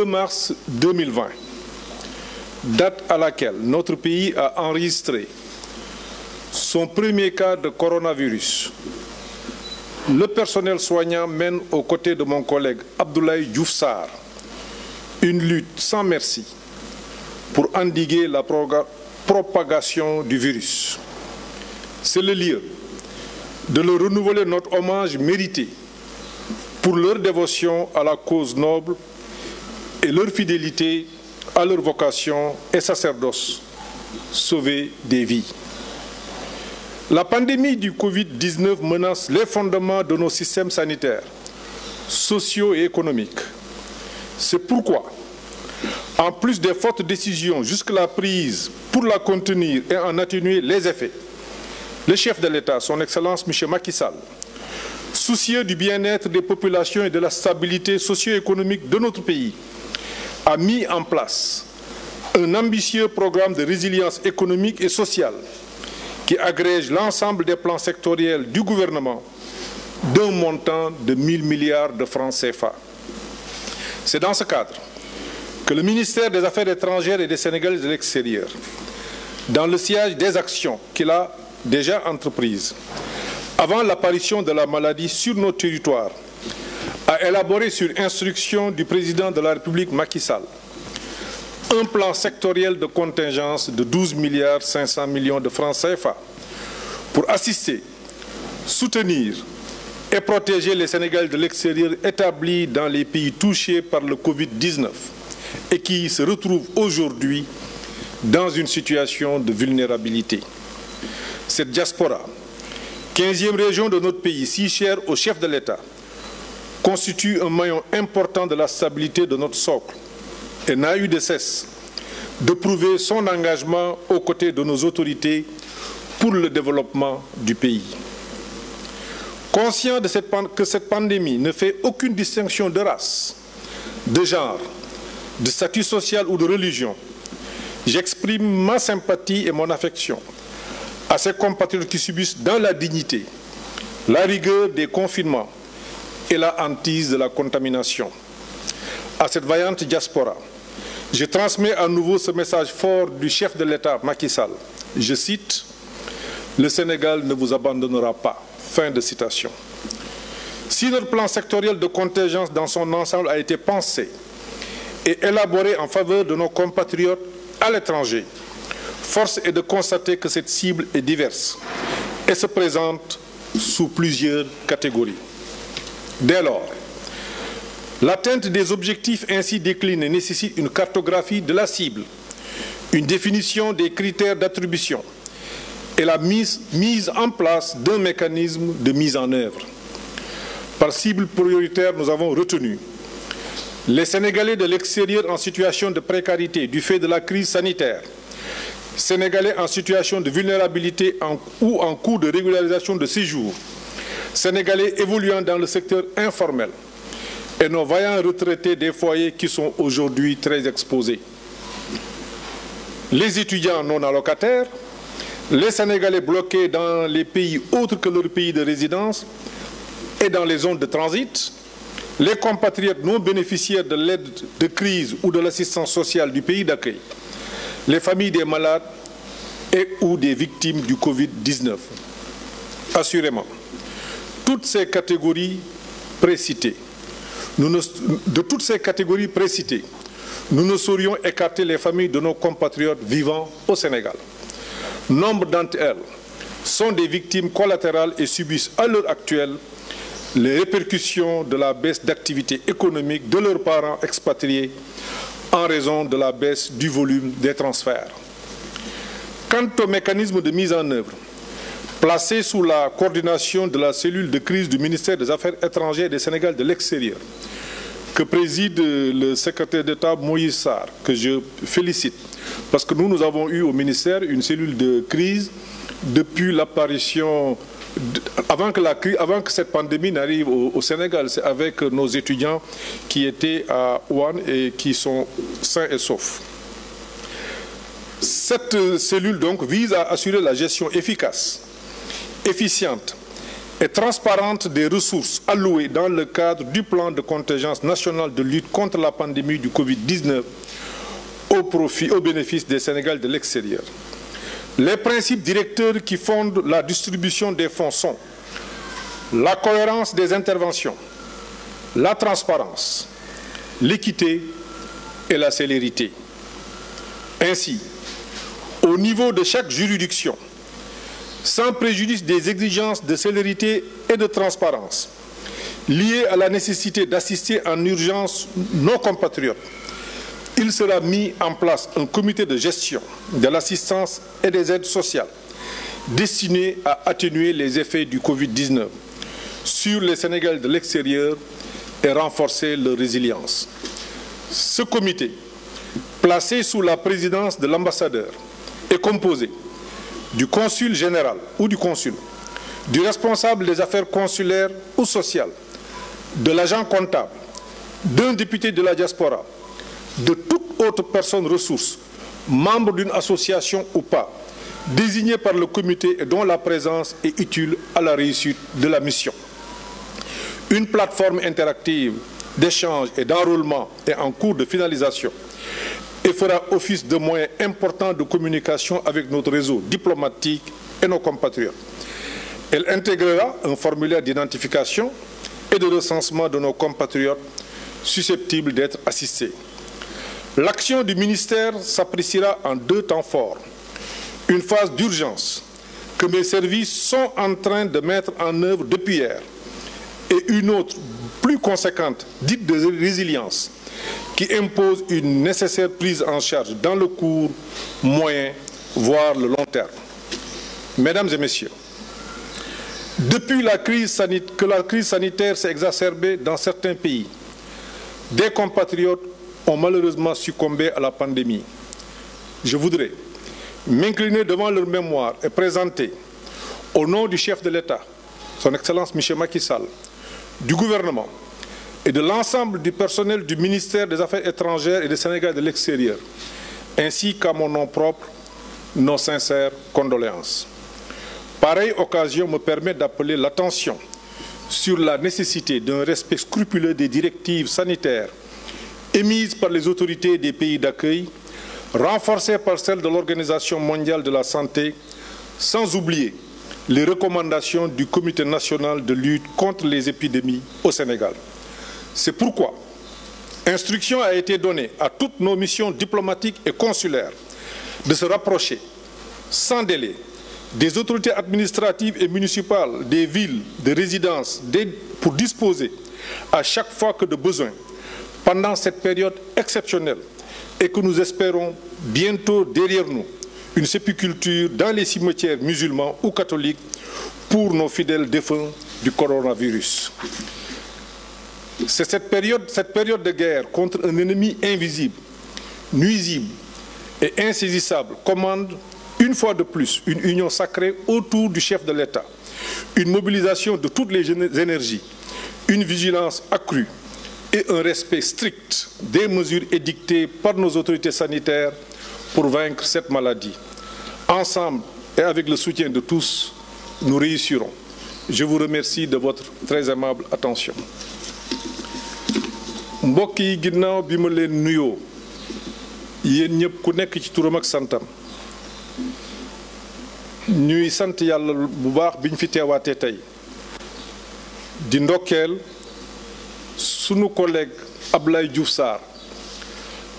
2 mars 2020, date à laquelle notre pays a enregistré son premier cas de coronavirus, le personnel soignant mène aux côtés de mon collègue Abdoulaye Djoufsar une lutte sans merci pour endiguer la propagation du virus. C'est le lieu de leur renouveler notre hommage mérité pour leur dévotion à la cause noble et leur fidélité à leur vocation et sacerdoce, sauver des vies. La pandémie du Covid-19 menace les fondements de nos systèmes sanitaires, sociaux et économiques. C'est pourquoi, en plus des fortes décisions jusque-là prises pour la contenir et en atténuer les effets, le chef de l'État, son Excellence M. Macky Sall, soucieux du bien-être des populations et la stabilité socio-économique de notre pays, a mis en place un ambitieux programme de résilience économique et sociale qui agrège l'ensemble des plans sectoriels du gouvernement d'un montant de 1000 milliards de francs CFA. C'est dans ce cadre que le ministère des Affaires étrangères et des Sénégalais de l'extérieur, dans le siège des actions qu'il a déjà entreprises, avant l'apparition de la maladie sur nos territoires, a élaboré sur instruction du président de la République Macky Sall un plan sectoriel de contingence de 12 milliards 500 millions de francs CFA pour assister, soutenir et protéger les Sénégalais de l'extérieur établis dans les pays touchés par le Covid-19 et qui se retrouvent aujourd'hui dans une situation de vulnérabilité. Cette diaspora, 15e région de notre pays, si au chef de l'État, constitue un maillon important de la stabilité de notre socle et n'a eu de cesse de prouver son engagement aux côtés de nos autorités pour le développement du pays. Conscient de cette, que cette pandémie ne fait aucune distinction de race, de genre, de statut social ou de religion, j'exprime ma sympathie et mon affection à ces compatriotes qui dans la dignité la rigueur des confinements et la hantise de la contamination. À cette vaillante diaspora, je transmets à nouveau ce message fort du chef de l'État, Macky Sall. Je cite, Le Sénégal ne vous abandonnera pas. Fin de citation. Si notre plan sectoriel de contingence dans son ensemble a été pensé et élaboré en faveur de nos compatriotes à l'étranger, force est de constater que cette cible est diverse et se présente sous plusieurs catégories. Dès lors, l'atteinte des objectifs ainsi déclinés nécessite une cartographie de la cible, une définition des critères d'attribution et la mise, mise en place d'un mécanisme de mise en œuvre. Par cible prioritaire, nous avons retenu les Sénégalais de l'extérieur en situation de précarité du fait de la crise sanitaire, Sénégalais en situation de vulnérabilité en, ou en cours de régularisation de séjour, sénégalais évoluant dans le secteur informel et nos vaillants retraités des foyers qui sont aujourd'hui très exposés. Les étudiants non allocataires, les Sénégalais bloqués dans les pays autres que leur de résidence et dans les zones de transit, les compatriotes non bénéficiaires de l'aide de crise ou de l'assistance sociale du pays d'accueil, les familles des malades et ou des victimes du Covid-19. Assurément. toutes ces catégories précitées, nous ne, de toutes ces catégories précitées, nous ne saurions écarter les familles de nos compatriotes vivant au Sénégal. Nombre d'entre elles sont des victimes collatérales et subissent à l'heure actuelle les répercussions de la baisse d'activité économique de leurs parents expatriés en raison de la baisse du volume des transferts. Quant au mécanisme de mise en œuvre, placé sous la coordination de la cellule de crise du ministère des Affaires étrangères et des de l'extérieur, que préside le secrétaire d'État Moïse Sarr, que je félicite, parce que nous, nous avons eu au ministère une cellule de crise depuis l'apparition avant que, la, avant que cette pandémie n'arrive au, Sénégal, c'est avec nos étudiants qui étaient à Ouane et qui sont sains et saufs. Cette cellule donc vise à assurer la gestion efficace efficiente et transparente des ressources allouées dans le cadre du plan de contingence national de lutte contre la pandémie du Covid-19 au profit, au bénéfice des Sénégalais de l'extérieur. Les principes directeurs qui fondent la distribution des fonds la cohérence des interventions, la transparence, l'équité et la célérité. Ainsi, au niveau de chaque juridiction, sans préjudice des exigences de célérité et de transparence liées à la nécessité d'assister en urgence nos compatriotes, il sera mis en place un comité de gestion de l'assistance et des aides sociales destiné à atténuer les effets du Covid-19 sur les Sénégalais de l'extérieur et renforcer résilience. Ce comité, placé sous la présidence de l'ambassadeur, est composé du consul général ou du consul, du responsable des affaires consulaires ou sociales, de l'agent comptable, d'un député de la diaspora, de toute autre personne ressource, membre d'une association ou pas, désignée par le comité et dont la présence est utile à la réussite de la mission. Une plateforme interactive d'échange et d'enrôlement et en cours de finalisation. et fera office de moyen important de communication avec notre réseau diplomatique et nos compatriotes. Elle intégrera un formulaire d'identification et de recensement de nos compatriotes susceptibles d'être assistés. L'action du ministère s'appréciera en deux temps forts. Une phase d'urgence que mes services sont en train de mettre en œuvre depuis hier et une autre plus conséquente, dite de résilience, qui impose une nécessaire prise en charge dans le court, moyen, voire le long terme. Mesdames et messieurs, depuis la crise sanitaire, que la crise sanitaire s'est exacerbée dans certains pays, des compatriotes ont malheureusement succombé à la pandémie. Je voudrais m'incliner devant leur mémoire et présenter, au nom du chef de l'État, son Excellence Michel Macky Sall, du gouvernement, et de l'ensemble du personnel du ministère des Affaires étrangères et du Sénégal de l'extérieur, ainsi qu'à mon nom propre, nos sincères condoléances. Pareille occasion me permet d'appeler l'attention sur la nécessité d'un respect scrupuleux des directives sanitaires émises par les autorités des pays d'accueil, renforcées par celles de l'Organisation mondiale de la santé, sans oublier les recommandations du Comité national de lutte contre les épidémies au Sénégal. C'est pourquoi instruction a été donnée à toutes nos missions diplomatiques et consulaires de se rapprocher sans délai des autorités administratives et municipales, des villes, de résidences, pour disposer à chaque fois que de besoin, pendant cette période exceptionnelle et que nous espérons bientôt derrière nous, une sépiculture dans les cimetières musulmans ou catholiques pour nos fidèles défunts du coronavirus. C'est cette période, cette période de guerre contre un ennemi invisible, nuisible et insaisissable commande une fois de plus une union sacrée autour du chef de l'État, une mobilisation de toutes les énergies, une vigilance accrue et un respect strict des mesures édictées par nos autorités sanitaires pour vaincre cette maladie. Ensemble et avec le soutien de tous, nous réussirons. Je vous remercie de votre très aimable attention. mbokk yi ginnaaw bi ma leen nuyoo yéen ñëpp ku nekk ci turam ak santam ñuy sant yàlla bu baax biñ fi teewaatee tey di ndokkeel sunu collègue Ablaye Diouf Sarr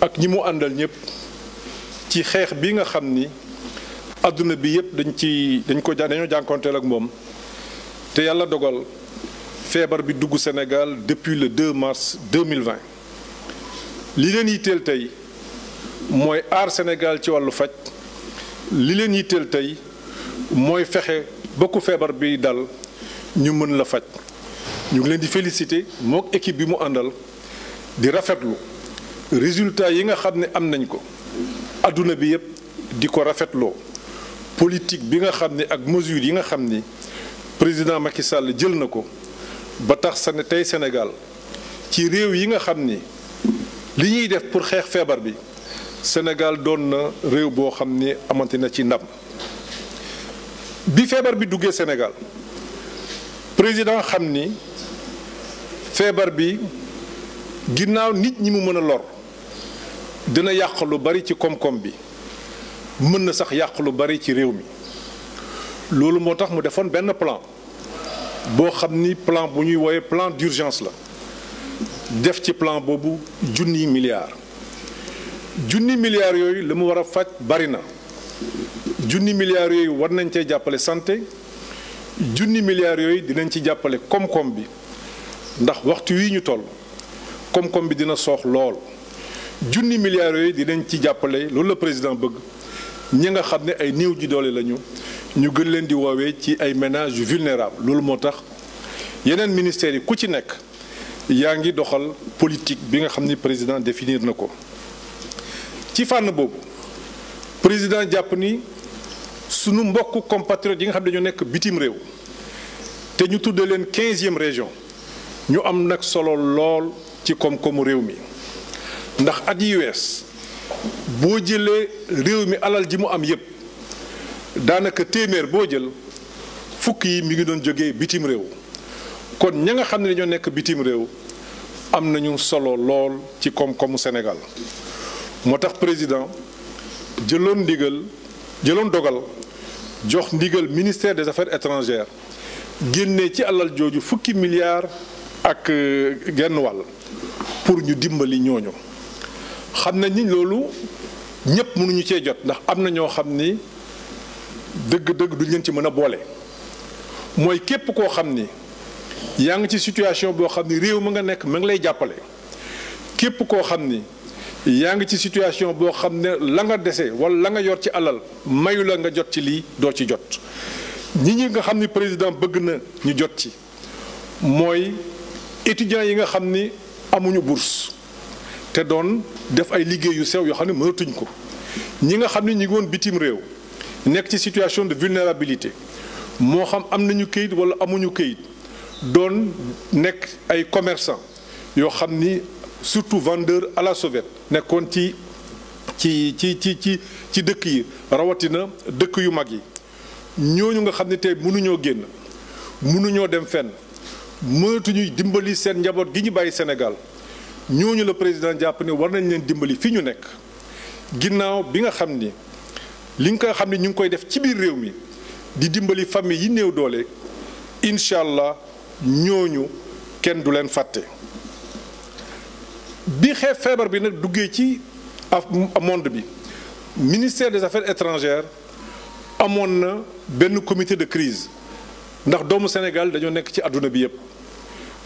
ak ñi mu àndal ñëpp ci xeex bi nga xam ni àdduna bi yëpp dañ ci dañ ko dañoo jànkonteel ak moom te yàlla dogal feebar bi dugg Sénégal depuis le 2 mars 2020 li leen yitteel tey mooy aar Sénégal ci wàllu faj li leen yitteel tey mooy fexe bokk feebar bi dal ñu mën la faj ñu ngi leen di félicité mook équipe bi mu àndal di rafetlu résultat yi nga xam ne am nañ ko adduna bi yépp di ko rafetloo politique bi nga xam ne ak mesure yi nga xam ni président Macky Sall jël na ko ba tax sa ne tey Sénégal ci réew yi nga xam ni li ñuy def pour xeex feebar bi Sénégal doon na réew boo xam ni amante na ci ndam bi feebar bi duggee Sénégal président xam ni feebar bi ginnaaw nit ñi mu mën a lor dina yàq lu bari ci koom-koom bi mën na sax yàq lu bari ci réew mi loolu moo tax mu defoon benn plan. boo xam ni plan bu ñuy wooye plan d'urgence la def ci plan boobu junni milliards junni milliards yooyu la mu war a faj bari na junni milliards yooyu war nañ cee jàppale santé junni milliards yooyu dinañ ci jàppale koom-koom bi ndax waxtu wi ñu toll koom bi dina soox lool junni milliards yooyu dinañ ci jàppale loolu la président bëgg ñi nga xam ne ay néew ji doole lañu ñu gën leen di woowee ci ay ménages vulnérables loolu moo tax yeneen ministères yi ku ci nekk yaa ngi doxal politique bi nga xam ni président définir na ko ci fànn boobu président jàpp ni sunu mbokk compatriotes yi nga xam ne dañoo nekk bitim réew te ñu tuddee leen quinzième région ñu am nag solo lool ci koom-koomu réew mi ndax at yi wees boo jëlee réew mi alal ji mu am yépp daanaka téeméer boo jël fukk yi mi ngi doon jógee bitim réew kon ña nga xam ne dañoo nekk bitim réew am nañu solo lool ci koom-koomu Sénégal moo tax président jëloon ndigal jëloon dogal jox ndigal ministère des affaires étrangères génne ci alal jooju fukki milliards ak euh, genn wàll pour ñu dimbali ñooñu xam nañ ni loolu ñëpp mënuñu cee jot ndax am na ñoo xam ni. dëgg-dëgg du leen ci mën a boole mooy képp koo xam ni yaa ngi ci situation boo xam ni réew mi nga nekk mu ngi lay jàppale képp koo xam ni yaa ngi ci situation boo xam ne la nga dese wala la nga yor ci alal mayu la nga jot ci lii doo ci jot ñi ñi nga xam ni président bëgg na ñu jot ci mooy étudiants yi nga xam ni amuñu bourse te doon def ay liggéey yu sew yoo xam ne mënatuñ ko ñi nga xam ni ñi ngi bitim réew nekk ci situation de vulnérabilité moo xam am nañu këyit wala amuñu këyit doon nekk ay commerçant yoo xam ni surtout vendeur à la sauvette nekkoon ci ci ci ci ci ci dëkk yi rawatina dëkk yu mag yi ñooñu nga xam ne tey mënuñoo génn mënuñoo dem fenn mënatuñuy dimbali seen njaboot gi ñu bàyyi Sénégal ñooñu la président jàpp ne war nañ leen dimbali fi ñu nekk ginnaaw bi nga xam ni. li nga koy xam ne ñu ngi koy def ci biir réew mi di dimbali famille yi néew doole incha allah ñooñu kenn du leen fàtte bi xeex feebar bi nag duggee ci af bi ministère des affaires étrangères amoon na benn comité de crise ndax doomu Sénégal dañoo nekk ci àdduna bi yépp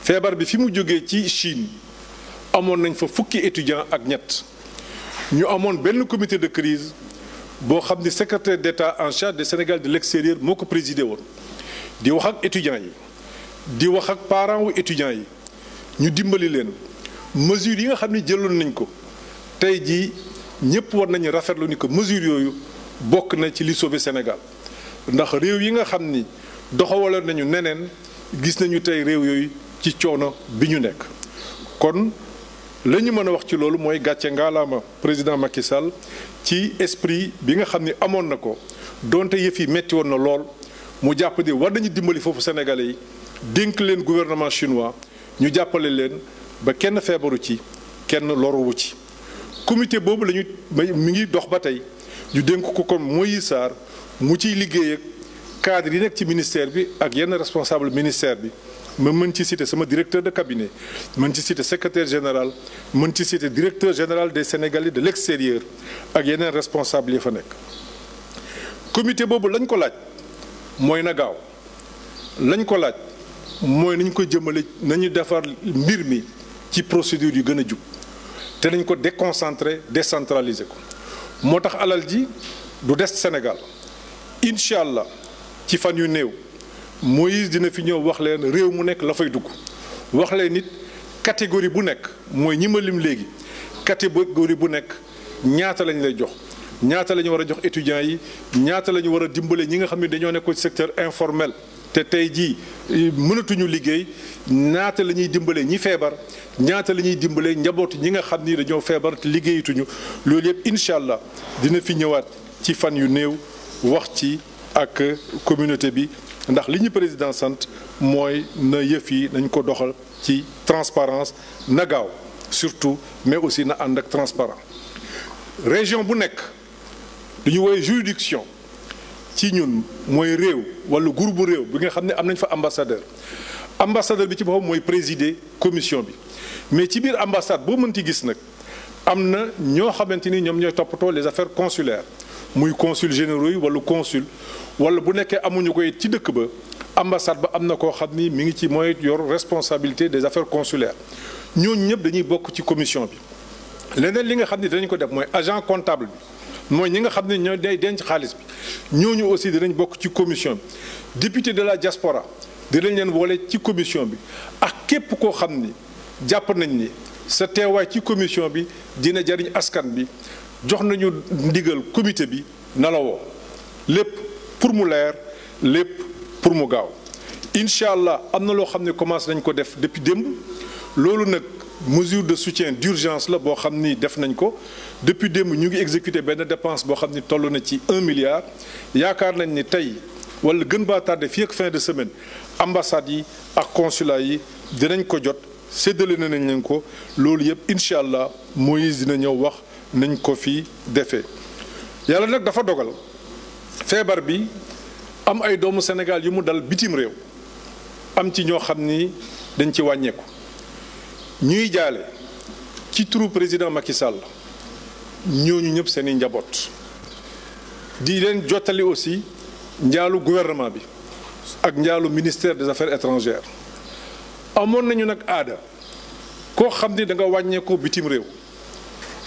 feebar bi fi mu jógee ci Chine amoon nañ fa fukki étudiants ak ñett ñu amoon benn comité de crise boo xam ni secrétaire d'État en charge du Sénégal de l'extérieur moo ko présidé woon di wax ak étudiants yi di wax ak parents wu étudiants yi ñu dimbali leen mesures yi nga xam ni jëloon nañ ko tey jii ñëpp war nañu rafetlu ni ko mesures yooyu bokk na ci li sauver Sénégal ndax réew yi nga xam ni doxawaloon nañu neneen gis nañu tey réew yooyu ci coono bi ñu nekk kon la ñu mën a wax ci loolu mooy gàcce ngaalaama président Macky Sall ci esprit bi nga xam ni amoon na ko donte yëf yi metti woon na lool mu jàpp war nañu dimbali foofu sénégalais yi dénk leen gouvernement chinois ñu jàppale leen ba kenn feebaru ci kenn loruwu ci comité boobu la ñu mi ngi dox ba tey ñu dénk ko kon Moïse Sarr mu ciy liggéey ak cadre yi nekk ci ministère bi ak yenn responsable ministère bi ma mën ci citer sama directeur de cabinet mën ci citer secrétaire général mën ci citer directeur général de Sénégalais de l'extérieur ak yeneen responsable yi fa nekk comité boobu lañ ko laaj mooy na gaaw lañ ko laaj mooy nañu ko jëmmale nañu defar mbir mi ci procédure yu gën a jub te nañ ko déconcentré décentraliser ko moo tax alal ji du des Sénégal incha allah ci fan yu néew Moïse dina fi ñëw wax leen réew mu nekk la fay dugg wax leen nit catégorie bu nekk mooy ñi ma lim léegi catégorie bu nekk ñaata lañ lay jox ñaata lañu ñu war a jox étudiants yi ñaata la ñu war a dimbale ñi nga xam ne dañoo nekk ci secteur informel te tey jii mënatuñu liggéey ñaata la ñuy dimbale ñi feebar ñaata la ñuy dimbale njabootu ñi nga xam ni dañoo feebar te liggéeyatuñu loolu yëpp incha allah dina fi ñëwaat ci fan yu néew wax ci ak communauté bi. ndax li ñu président sant mooy na yëf yi nañ ko doxal ci transparence na gaaw surtout mais aussi na ànd ak transparent région bu nekk lu ñu woowee juridiction ci ñun mooy réew wala groupe bu réew bi nga xam ne am nañ fa ambassadeur ambassadeur bi ci boppam mooy présider commission bi mais ci biir ambassade boo mënti gis nag am na ñoo xamante ni ñoom ñooy toppatoo les affaires consulaires muy consul généraux yi wala consul wala bu nekkee amuñu ko ci dëkk ba ambassade ba am na koo xam ni mi ngi ci mooy yor responsabilité des affaires consulaires ñooñu ñëpp dañuy bokk ci commission bi. leneen li nga xam ni danañ ko def mooy agent comptable bi mooy ñi nga xam ne ñoo day denc xaalis bi ñooñu aussi dinañ bokk ci commission bi député de la diaspora dinañ leen boole ci commission bi ak képp koo xam ni jàpp nañ ni sa teewaay ci commission bi dina jariñ askan bi jox nañu ndigal comité bi na lépp. pour mu leer lépp pour mu gaaw incha allah am na loo xam ne commencé nañ ko def depuis démb loolu nag mesure de soutien d'urgence la boo xam ni def nañ ko depuis démb ñu ngi exécuté benn dépense boo xam ne toll na ci un milliard yaakaar nañ ni tey wala gën baa tardé fii ak fin de semaine ambassade yi ak consulat yi dinañ ko jot séddale na nañ leen ko loolu yëpp incha allah Moïse dina ñëw wax nañ ko fi defee yàlla nag dafa dogal. feebar bi am ay doomu Sénégal yu mu dal bitim réew am ci ñoo xam ni dañ ci wàññeeku ñuy jaale ci turu président Macky Sall ñooñu ñëpp seen i njaboot di leen jottali aussi njaalu gouvernement bi ak njaalu ministère des affaires étranger amoon nañu nag aada koo xam ni danga nga wàññeekoo bitim réew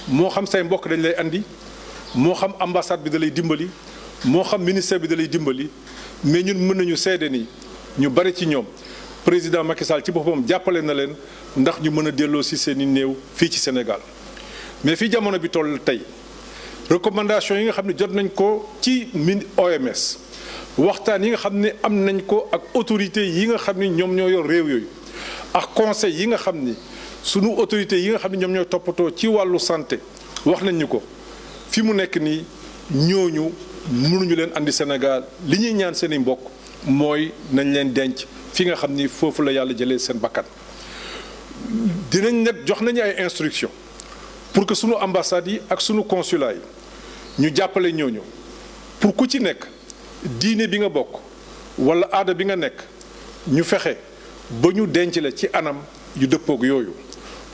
moo xam say mbokk dañ lay andi moo xam ambassade bi da lay dimbali moo xam ministère bi da lay dimbali mais ñun mën nañu seede ni ñu bari ci ñoom président Macky Sall ci boppam jàppale na leen ndax ñu mën a delloo si seen néew fii ci Sénégal mais fii jamono bi toll tey recommandation yi nga xam ne jot nañ ko ci min OMS waxtaan yi nga xam ni am nañ ko ak autorité yi nga xam ni ñoom ñoo yor réew yooyu ak conseil yi nga xam ni sunu autorité yi nga xam ne ñoom ñooy toppatoo ci wàllu santé wax nañ ko fi mu nekk nii ñooñu mënuñu leen indi Sénégal li ñuy ñaan seen i mbokk mooy nañ leen denc fi nga xam ni foofu la yàlla jëlee seen bakkan dinañ nag jox nañu ay instructions pour que suñu ambassades yi ak sunu consulats yi ñu jàppale ñooñu pour ku ci nekk diine bi nga bokk wala aada bi nga nekk ñu fexe ba ñu denc la ci anam yu dëppook yooyu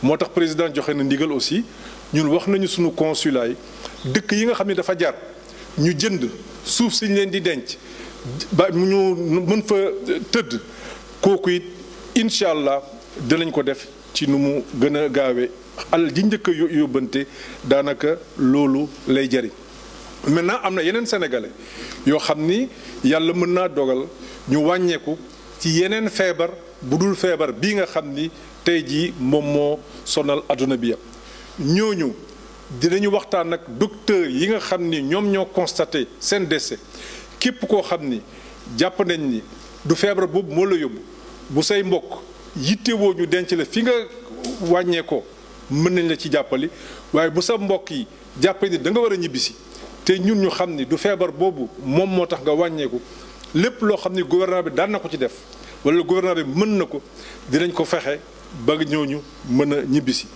moo tax président joxe na ndigal aussi ñun wax nañu suñu consulats yi dëkk yi nga xam ni dafa jar. ñu jënd suuf si ñu leen di denc ba ñu mën fa tëdd kooku it incha allah dinañ ko def ci nu mu gën a gaawee alal ji njëkk yóbbante daanaka loolu lay jariñ maintenant am na yeneen sénégalais yoo xam ni yàlla mën naa dogal ñu wàññeeku ci yeneen feebar bu dul feebar bii nga xam ni tey jii moom moo sonal àdduna bi yëpp ñooñu. dinañu waxtaan ak docteur yi nga xam ni ñoom ñoo constaté seen décès képp koo xam ni jàpp nañ ni du feebar boobu moo la yóbbu bu say mbokk yittewoo ñu denc la fi nga wàññee mën nañ la ci jàppali waaye bu sa mbokk yi jàppee ni danga war a ñibbisi te ñun ñu xam ni du feebar boobu moom moo tax nga wàññeeku lépp loo xam ni gouvernement bi daan na ko ci def wala gouvernement bi mën na ko dinañ ko fexe ba ñooñu mën a ñibbisi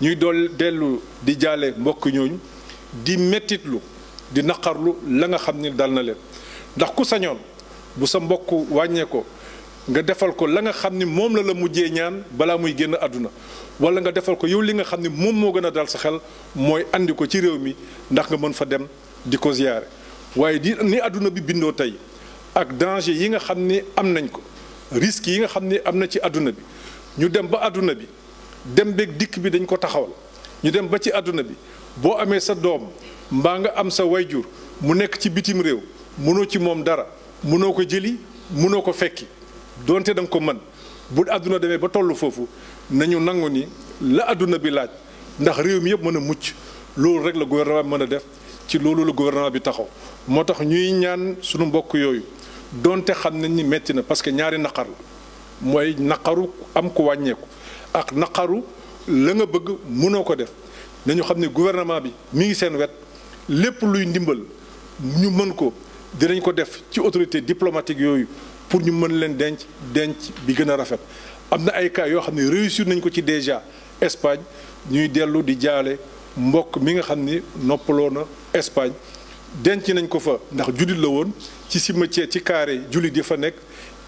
ñuy dool dellu di jaale mbokk ñooñu di mettitlu di naqarlu la nga xam ni dal na leen ndax ku sañoon bu sa mbokk wàññee nga defal ko la nga xam ni moom la la mujjee ñaan balaa muy génn àdduna wala nga defal ko yow li nga xam ni moom moo gën a dal sa xel mooy indi ko ci réew mi ndax nga mën fa dem di ko ziyaare waaye di ni àdduna bi bindoo tey ak danger yi nga xam ni am nañ ko risques yi nga xam ni am na ci àdduna bi ñu dem ba àdduna bi dem beeg dikk bi dañ ko taxawal ñu dem ba ci àdduna bi boo amee sa doom mbaa nga am sa way jur mu nekk ci bitim réew mënoo ci moom dara mënoo ko jëli mënoo ko fekki donte da nga ko mën bu àdduna demee ba tollu foofu nañu nangu ni la àdduna bi laaj ndax réew mi yëpp mën a mucc loolu rek la gouvernement bi mën a def ci loolu la gouvernement bi taxaw moo tax ñuy ñaan sunu mbokk yooyu donte xam nañ ni metti na parce que ñaari naqar la mooy naqaru am ko wàññeeku ak naqaru la nga bëgg mënoo ko def nañu xam ne gouvernement bi mi ngi seen wet lépp luy ndimbal ñu mën ko dinañ ko def ci autorité diplomatique yooyu pour ñu mën leen denc denc bi gën a rafet am na ay cas yoo xam ne réussir nañ ko ci déjà Espagne ñuy dellu di jaale mbokk mi nga xam ni noppaloo na Espagne denc nañ ko fa ndax jullit la woon ci cimetière ci carré jullit yi fa nekk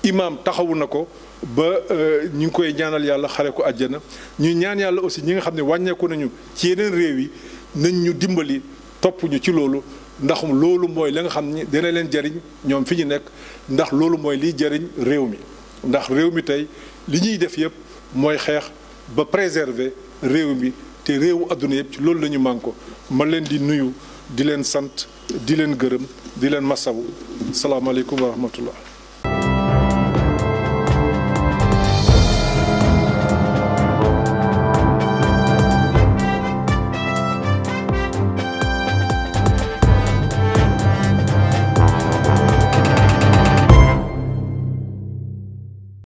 imaam taxawu na ko ba euh, ñu ngi koy ñaanal yàlla xare ko àjjana ñu ñaan yàlla aussi ñi nga xam ne wàññeeku nañu ci yeneen réew yi nañ ñu dimbali topp ci loolu ndax loolu mooy la nga xam ne dina leen jariñ ñoom fi ñu nekk ndax loolu mooy liy jariñ réew mi ndax réew mi tey li ñuy def yëpp mooy xeex ba préserver réew mi te réewu àdduna yëpp ci loolu la ñu mànko ma leen di nuyu di leen sant di leen gërëm di leen masawu salaamaaleykum wa rahmatullah